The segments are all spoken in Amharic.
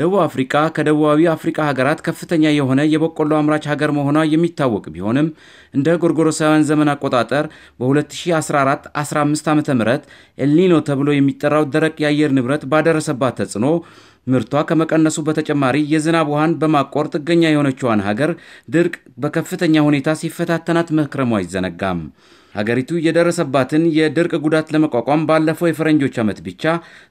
ደቡብ አፍሪካ ከደቡባዊ አፍሪካ ሀገራት ከፍተኛ የሆነ የበቆሎ አምራች ሀገር መሆኗ የሚታወቅ ቢሆንም እንደ ጎርጎሮሳውያን ዘመን አቆጣጠር በ2014 15 ዓ ም ኤልኒኖ ተብሎ የሚጠራው ደረቅ የአየር ንብረት ባደረሰባት ተጽዕኖ ምርቷ ከመቀነሱ በተጨማሪ የዝናብ ውሃን በማቆር ጥገኛ የሆነችዋን ሀገር ድርቅ በከፍተኛ ሁኔታ ሲፈታተናት መክረሙ አይዘነጋም። ሀገሪቱ የደረሰባትን የድርቅ ጉዳት ለመቋቋም ባለፈው የፈረንጆች ዓመት ብቻ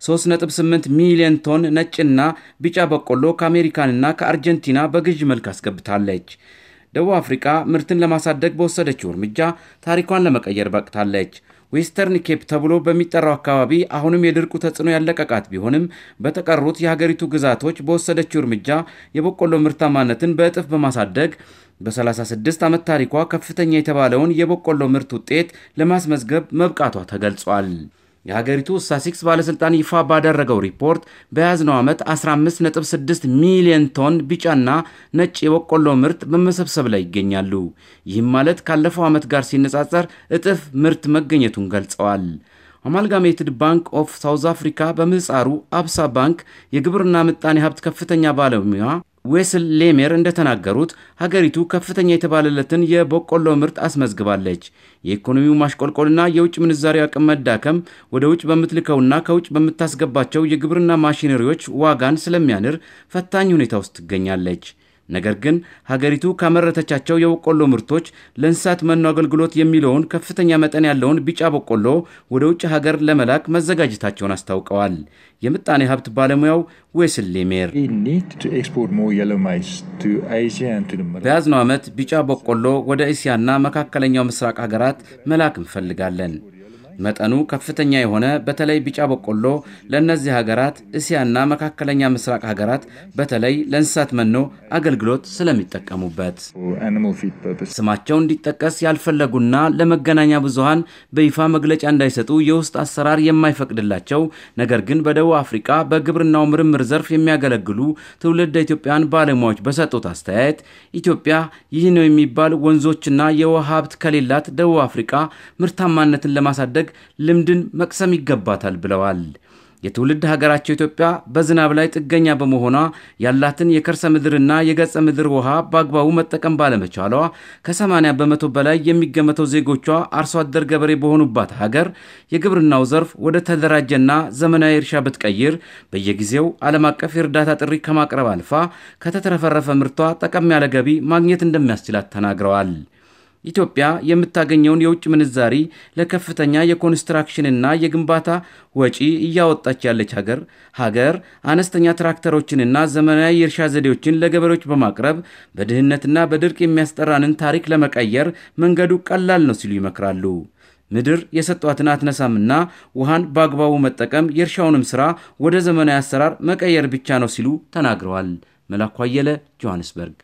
3.8 ሚሊዮን ቶን ነጭና ቢጫ በቆሎ ከአሜሪካንና ከአርጀንቲና በግዥ መልክ አስገብታለች። ደቡብ አፍሪካ ምርትን ለማሳደግ በወሰደችው እርምጃ ታሪኳን ለመቀየር በቅታለች። ዌስተርን ኬፕ ተብሎ በሚጠራው አካባቢ አሁንም የድርቁ ተጽዕኖ ያለቀቃት ቢሆንም በተቀሩት የሀገሪቱ ግዛቶች በወሰደችው እርምጃ የበቆሎ ምርታማነትን በእጥፍ በማሳደግ በ36 ዓመት ታሪኳ ከፍተኛ የተባለውን የበቆሎ ምርት ውጤት ለማስመዝገብ መብቃቷ ተገልጿል። የሀገሪቱ ሳሲክስ ባለሥልጣን ይፋ ባደረገው ሪፖርት በያዝነው ዓመት 15.6 ሚሊዮን ቶን ቢጫና ነጭ የበቆሎ ምርት በመሰብሰብ ላይ ይገኛሉ። ይህም ማለት ካለፈው ዓመት ጋር ሲነጻጸር እጥፍ ምርት መገኘቱን ገልጸዋል። አማልጋሜትድ ባንክ ኦፍ ሳውዝ አፍሪካ በምህፃሩ አብሳ ባንክ የግብርና ምጣኔ ሀብት ከፍተኛ ባለሙያ ዌስል ሌሜር እንደተናገሩት ሀገሪቱ ከፍተኛ የተባለለትን የበቆሎ ምርት አስመዝግባለች። የኢኮኖሚው ማሽቆልቆልና የውጭ ምንዛሪ አቅም መዳከም ወደ ውጭ በምትልከውና ከውጭ በምታስገባቸው የግብርና ማሽነሪዎች ዋጋን ስለሚያንር ፈታኝ ሁኔታ ውስጥ ትገኛለች። ነገር ግን ሀገሪቱ ካመረተቻቸው የበቆሎ ምርቶች ለእንስሳት መኖ አገልግሎት የሚለውን ከፍተኛ መጠን ያለውን ቢጫ በቆሎ ወደ ውጭ ሀገር ለመላክ መዘጋጀታቸውን አስታውቀዋል። የምጣኔ ሀብት ባለሙያው ዌስሊ ሜር በያዝነው ዓመት ቢጫ በቆሎ ወደ እስያና መካከለኛው ምስራቅ ሀገራት መላክ እንፈልጋለን። መጠኑ ከፍተኛ የሆነ በተለይ ቢጫ በቆሎ ለእነዚህ ሀገራት እስያና መካከለኛ ምስራቅ ሀገራት በተለይ ለእንስሳት መኖ አገልግሎት ስለሚጠቀሙበት ስማቸው እንዲጠቀስ ያልፈለጉና ለመገናኛ ብዙሃን በይፋ መግለጫ እንዳይሰጡ የውስጥ አሰራር የማይፈቅድላቸው ነገር ግን በደቡብ አፍሪካ በግብርናው ምርምር ዘርፍ የሚያገለግሉ ትውልድ ኢትዮጵያን ባለሙያዎች በሰጡት አስተያየት ኢትዮጵያ ይህ ነው የሚባል ወንዞችና የውሃ ሀብት ከሌላት ደቡብ አፍሪካ ምርታማነትን ለማሳደግ በማድረግ ልምድን መቅሰም ይገባታል ብለዋል። የትውልድ ሀገራቸው ኢትዮጵያ በዝናብ ላይ ጥገኛ በመሆኗ ያላትን የከርሰ ምድርና የገጸ ምድር ውሃ በአግባቡ መጠቀም ባለመቻሏ ከ80 በመቶ በላይ የሚገመተው ዜጎቿ አርሶ አደር ገበሬ በሆኑባት ሀገር የግብርናው ዘርፍ ወደ ተደራጀና ዘመናዊ እርሻ ብትቀይር በየጊዜው ዓለም አቀፍ የእርዳታ ጥሪ ከማቅረብ አልፋ ከተትረፈረፈ ምርቷ ጠቀም ያለ ገቢ ማግኘት እንደሚያስችላት ተናግረዋል። ኢትዮጵያ የምታገኘውን የውጭ ምንዛሪ ለከፍተኛ የኮንስትራክሽንና የግንባታ ወጪ እያወጣች ያለች ሀገር ሀገር አነስተኛ ትራክተሮችንና ዘመናዊ የእርሻ ዘዴዎችን ለገበሬዎች በማቅረብ በድህነትና በድርቅ የሚያስጠራንን ታሪክ ለመቀየር መንገዱ ቀላል ነው ሲሉ ይመክራሉ። ምድር የሰጧትን አትነሳምና ውሃን በአግባቡ መጠቀም የእርሻውንም ሥራ ወደ ዘመናዊ አሰራር መቀየር ብቻ ነው ሲሉ ተናግረዋል። መላኩ አየለ ጆሐንስበርግ